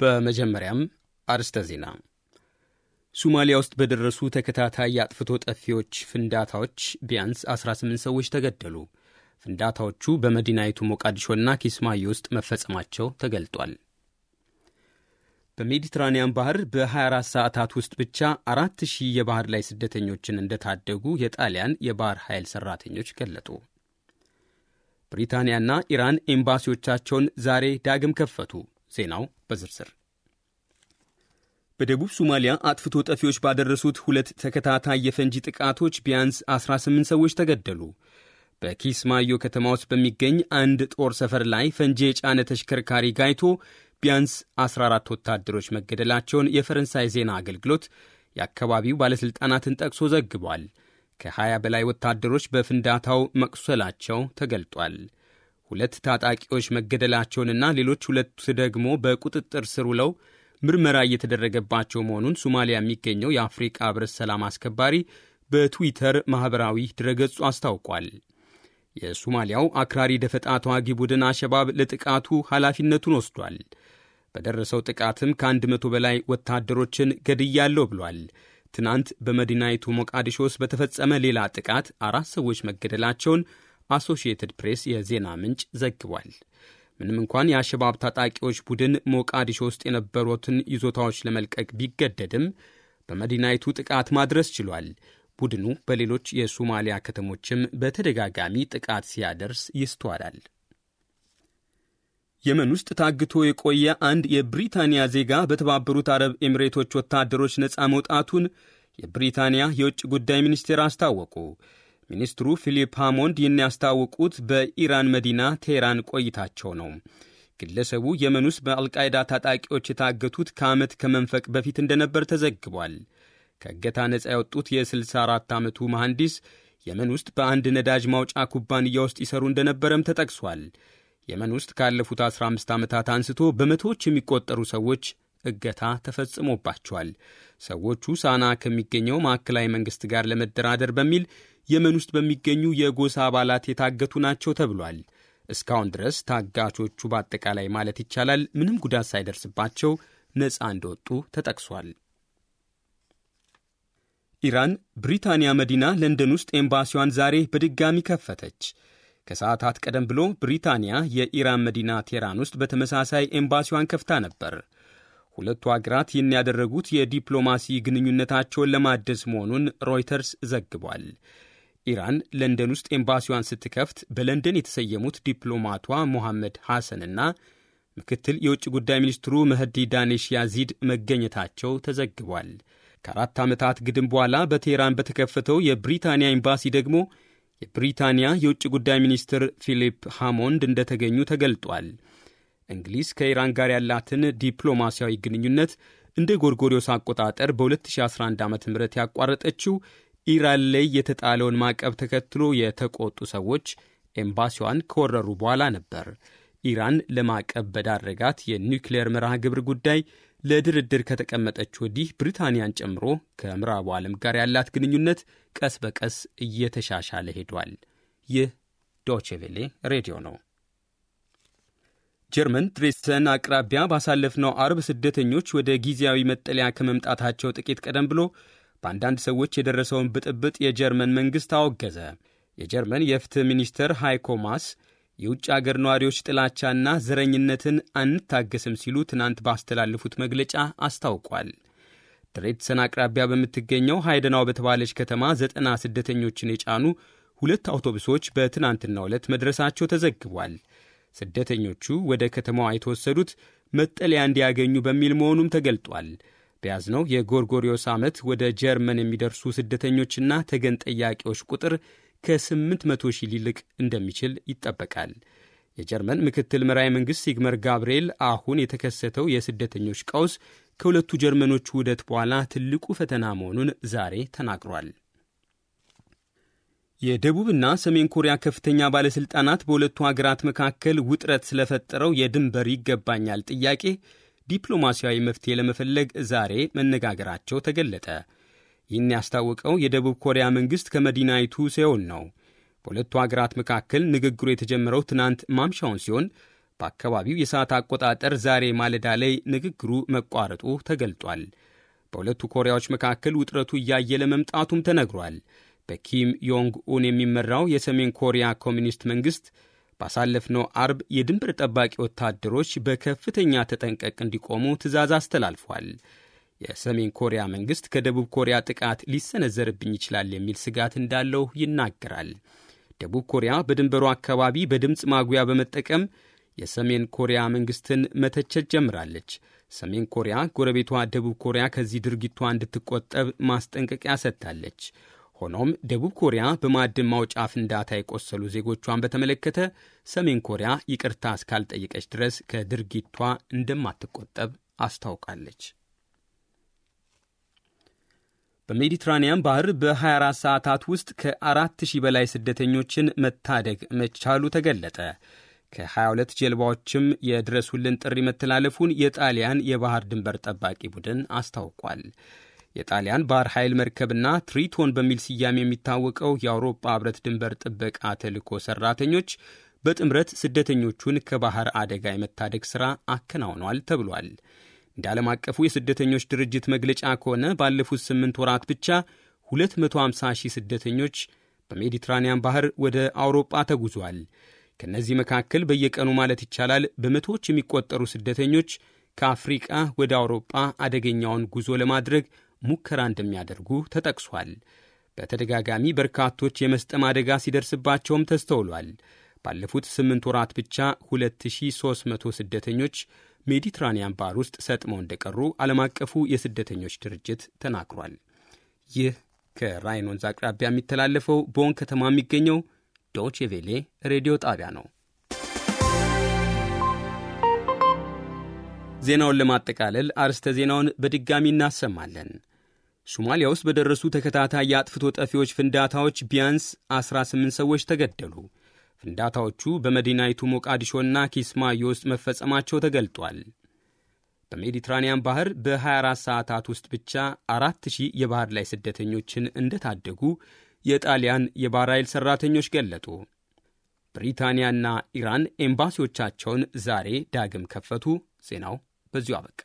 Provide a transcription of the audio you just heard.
በመጀመሪያም አርስተ ዜና ሶማሊያ ውስጥ በደረሱ ተከታታይ የአጥፍቶ ጠፊዎች ፍንዳታዎች ቢያንስ 18 ሰዎች ተገደሉ። ፍንዳታዎቹ በመዲናይቱ ሞቃዲሾና ኪስማዮ ውስጥ መፈጸማቸው ተገልጧል። በሜዲትራኒያን ባህር በ24 ሰዓታት ውስጥ ብቻ 4000 የባህር ላይ ስደተኞችን እንደታደጉ የጣሊያን የባህር ኃይል ሠራተኞች ገለጡ። ብሪታንያና ኢራን ኤምባሲዎቻቸውን ዛሬ ዳግም ከፈቱ። ዜናው በዝርዝር በደቡብ ሶማሊያ አጥፍቶ ጠፊዎች ባደረሱት ሁለት ተከታታይ የፈንጂ ጥቃቶች ቢያንስ 18 ሰዎች ተገደሉ። በኪስማዮ ከተማ ውስጥ በሚገኝ አንድ ጦር ሰፈር ላይ ፈንጂ የጫነ ተሽከርካሪ ጋይቶ ቢያንስ 14 ወታደሮች መገደላቸውን የፈረንሳይ ዜና አገልግሎት የአካባቢው ባለሥልጣናትን ጠቅሶ ዘግቧል። ከ20 በላይ ወታደሮች በፍንዳታው መቁሰላቸው ተገልጧል። ሁለት ታጣቂዎች መገደላቸውንና ሌሎች ሁለቱ ደግሞ በቁጥጥር ስር ውለው ምርመራ እየተደረገባቸው መሆኑን ሶማሊያ የሚገኘው የአፍሪቃ ህብረት ሰላም አስከባሪ በትዊተር ማኅበራዊ ድረገጹ አስታውቋል። የሶማሊያው አክራሪ ደፈጣ ተዋጊ ቡድን አሸባብ ለጥቃቱ ኃላፊነቱን ወስዷል። በደረሰው ጥቃትም ከ100 በላይ ወታደሮችን ገድያለሁ ብሏል። ትናንት በመዲናይቱ ሞቃዲሾ ውስጥ በተፈጸመ ሌላ ጥቃት አራት ሰዎች መገደላቸውን አሶሺየትድ ፕሬስ የዜና ምንጭ ዘግቧል። ምንም እንኳን የአሸባብ ታጣቂዎች ቡድን ሞቃዲሾ ውስጥ የነበሩትን ይዞታዎች ለመልቀቅ ቢገደድም በመዲናይቱ ጥቃት ማድረስ ችሏል። ቡድኑ በሌሎች የሶማሊያ ከተሞችም በተደጋጋሚ ጥቃት ሲያደርስ ይስተዋላል። የመን ውስጥ ታግቶ የቆየ አንድ የብሪታንያ ዜጋ በተባበሩት አረብ ኤሚሬቶች ወታደሮች ነፃ መውጣቱን የብሪታንያ የውጭ ጉዳይ ሚኒስቴር አስታወቁ። ሚኒስትሩ ፊሊፕ ሃሞንድ ይህን ያስታወቁት በኢራን መዲና ቴህራን ቆይታቸው ነው። ግለሰቡ የመን ውስጥ በአልቃይዳ ታጣቂዎች የታገቱት ከዓመት ከመንፈቅ በፊት እንደነበር ተዘግቧል። ከእገታ ነፃ ያወጡት የ64 ዓመቱ መሐንዲስ የመን ውስጥ በአንድ ነዳጅ ማውጫ ኩባንያ ውስጥ ይሰሩ እንደነበረም ተጠቅሷል። የመን ውስጥ ካለፉት 15 ዓመታት አንስቶ በመቶዎች የሚቆጠሩ ሰዎች እገታ ተፈጽሞባቸዋል። ሰዎቹ ሳና ከሚገኘው ማዕከላዊ መንግስት ጋር ለመደራደር በሚል የመን ውስጥ በሚገኙ የጎሳ አባላት የታገቱ ናቸው ተብሏል። እስካሁን ድረስ ታጋቾቹ በአጠቃላይ ማለት ይቻላል ምንም ጉዳት ሳይደርስባቸው ነፃ እንደወጡ ተጠቅሷል። ኢራን ብሪታንያ መዲና ለንደን ውስጥ ኤምባሲዋን ዛሬ በድጋሚ ከፈተች። ከሰዓታት ቀደም ብሎ ብሪታንያ የኢራን መዲና ቴህራን ውስጥ በተመሳሳይ ኤምባሲዋን ከፍታ ነበር። ሁለቱ አገራት ይህን ያደረጉት የዲፕሎማሲ ግንኙነታቸውን ለማደስ መሆኑን ሮይተርስ ዘግቧል። ኢራን ለንደን ውስጥ ኤምባሲዋን ስትከፍት በለንደን የተሰየሙት ዲፕሎማቷ ሞሐመድ ሐሰንና ምክትል የውጭ ጉዳይ ሚኒስትሩ መህዲ ዳኔሽ ያዚድ መገኘታቸው ተዘግቧል። ከአራት ዓመታት ግድም በኋላ በቴህራን በተከፈተው የብሪታንያ ኤምባሲ ደግሞ የብሪታንያ የውጭ ጉዳይ ሚኒስትር ፊሊፕ ሃሞንድ እንደተገኙ ተገልጧል። እንግሊዝ ከኢራን ጋር ያላትን ዲፕሎማሲያዊ ግንኙነት እንደ ጎርጎሪዮስ አቆጣጠር በ2011 ዓ ም ያቋረጠችው ኢራን ላይ የተጣለውን ማዕቀብ ተከትሎ የተቆጡ ሰዎች ኤምባሲዋን ከወረሩ በኋላ ነበር። ኢራን ለማዕቀብ በዳረጋት የኒውክሌር መርሃ ግብር ጉዳይ ለድርድር ከተቀመጠች ወዲህ ብሪታንያን ጨምሮ ከምዕራቡ ዓለም ጋር ያላት ግንኙነት ቀስ በቀስ እየተሻሻለ ሄዷል። ይህ ዶቼ ቬሌ ሬዲዮ ነው። ጀርመን ድሬስተን አቅራቢያ ባሳለፍነው አርብ ስደተኞች ወደ ጊዜያዊ መጠለያ ከመምጣታቸው ጥቂት ቀደም ብሎ በአንዳንድ ሰዎች የደረሰውን ብጥብጥ የጀርመን መንግሥት አወገዘ። የጀርመን የፍትህ ሚኒስትር ሃይኮ ማስ የውጭ አገር ነዋሪዎች ጥላቻና ዘረኝነትን አንታገስም ሲሉ ትናንት ባስተላለፉት መግለጫ አስታውቋል። ድሬትሰን አቅራቢያ በምትገኘው ሃይደናው በተባለች ከተማ ዘጠና ስደተኞችን የጫኑ ሁለት አውቶቡሶች በትናንትናው ዕለት መድረሳቸው ተዘግቧል። ስደተኞቹ ወደ ከተማዋ የተወሰዱት መጠለያ እንዲያገኙ በሚል መሆኑም ተገልጧል። በያዝነው የጎርጎሪዮስ ዓመት ወደ ጀርመን የሚደርሱ ስደተኞችና ተገን ጠያቂዎች ቁጥር ከ800 ሺህ ሊልቅ እንደሚችል ይጠበቃል። የጀርመን ምክትል መራዊ መንግሥት ሲግመር ጋብርኤል አሁን የተከሰተው የስደተኞች ቀውስ ከሁለቱ ጀርመኖች ውህደት በኋላ ትልቁ ፈተና መሆኑን ዛሬ ተናግሯል። የደቡብና ሰሜን ኮሪያ ከፍተኛ ባለሥልጣናት በሁለቱ ሀገራት መካከል ውጥረት ስለፈጠረው የድንበር ይገባኛል ጥያቄ ዲፕሎማሲያዊ መፍትሄ ለመፈለግ ዛሬ መነጋገራቸው ተገለጠ። ይህን ያስታወቀው የደቡብ ኮሪያ መንግሥት ከመዲናይቱ ሴኦል ነው። በሁለቱ ሀገራት መካከል ንግግሩ የተጀመረው ትናንት ማምሻውን ሲሆን በአካባቢው የሰዓት አቆጣጠር ዛሬ ማለዳ ላይ ንግግሩ መቋረጡ ተገልጧል። በሁለቱ ኮሪያዎች መካከል ውጥረቱ እያየለ መምጣቱም ተነግሯል። በኪም ዮንግ ኡን የሚመራው የሰሜን ኮሪያ ኮሚኒስት መንግሥት ባሳለፍነው አርብ የድንበር ጠባቂ ወታደሮች በከፍተኛ ተጠንቀቅ እንዲቆሙ ትዕዛዝ አስተላልፏል። የሰሜን ኮሪያ መንግሥት ከደቡብ ኮሪያ ጥቃት ሊሰነዘርብኝ ይችላል የሚል ስጋት እንዳለው ይናገራል። ደቡብ ኮሪያ በድንበሩ አካባቢ በድምፅ ማጉያ በመጠቀም የሰሜን ኮሪያ መንግሥትን መተቸት ጀምራለች። ሰሜን ኮሪያ ጎረቤቷ ደቡብ ኮሪያ ከዚህ ድርጊቷ እንድትቆጠብ ማስጠንቀቂያ ሰጥታለች። ሆኖም ደቡብ ኮሪያ በማዕድን ማውጫ ፍንዳታ የቆሰሉ ዜጎቿን በተመለከተ ሰሜን ኮሪያ ይቅርታ እስካልጠየቀች ድረስ ከድርጊቷ እንደማትቆጠብ አስታውቃለች። በሜዲትራኒያን ባህር በ24 ሰዓታት ውስጥ ከ4000 በላይ ስደተኞችን መታደግ መቻሉ ተገለጠ። ከ22 ጀልባዎችም የድረሱልን ጥሪ መተላለፉን የጣሊያን የባህር ድንበር ጠባቂ ቡድን አስታውቋል። የጣሊያን ባህር ኃይል መርከብና ትሪቶን በሚል ስያሜ የሚታወቀው የአውሮፓ ህብረት ድንበር ጥበቃ ተልዕኮ ሰራተኞች በጥምረት ስደተኞቹን ከባህር አደጋ የመታደግ ሥራ አከናውነዋል ተብሏል። እንደ ዓለም አቀፉ የስደተኞች ድርጅት መግለጫ ከሆነ ባለፉት ስምንት ወራት ብቻ 250 ሺህ ስደተኞች በሜዲትራንያን ባህር ወደ አውሮጳ ተጉዟል። ከእነዚህ መካከል በየቀኑ ማለት ይቻላል በመቶዎች የሚቆጠሩ ስደተኞች ከአፍሪቃ ወደ አውሮጳ አደገኛውን ጉዞ ለማድረግ ሙከራ እንደሚያደርጉ ተጠቅሷል። በተደጋጋሚ በርካቶች የመስጠም አደጋ ሲደርስባቸውም ተስተውሏል። ባለፉት ስምንት ወራት ብቻ 2300 ስደተኞች ሜዲትራኒያን ባህር ውስጥ ሰጥመው እንደቀሩ ዓለም አቀፉ የስደተኞች ድርጅት ተናግሯል። ይህ ከራይን ወንዝ አቅራቢያ የሚተላለፈው ቦን ከተማ የሚገኘው ዶቼ ቬሌ ሬዲዮ ጣቢያ ነው። ዜናውን ለማጠቃለል አርስተ ዜናውን በድጋሚ እናሰማለን። ሶማሊያ ውስጥ በደረሱ ተከታታይ የአጥፍቶ ጠፊዎች ፍንዳታዎች ቢያንስ 18 ሰዎች ተገደሉ። ፍንዳታዎቹ በመዲናይቱ ሞቃዲሾና ኪስማዮ ውስጥ መፈጸማቸው ተገልጧል። በሜዲትራኒያን ባህር በ24 ሰዓታት ውስጥ ብቻ 4000 የባህር ላይ ስደተኞችን እንደታደጉ የጣሊያን የባህር ኃይል ሠራተኞች ገለጡ። ብሪታንያና ኢራን ኤምባሲዎቻቸውን ዛሬ ዳግም ከፈቱ። ዜናው በዚሁ አበቃ።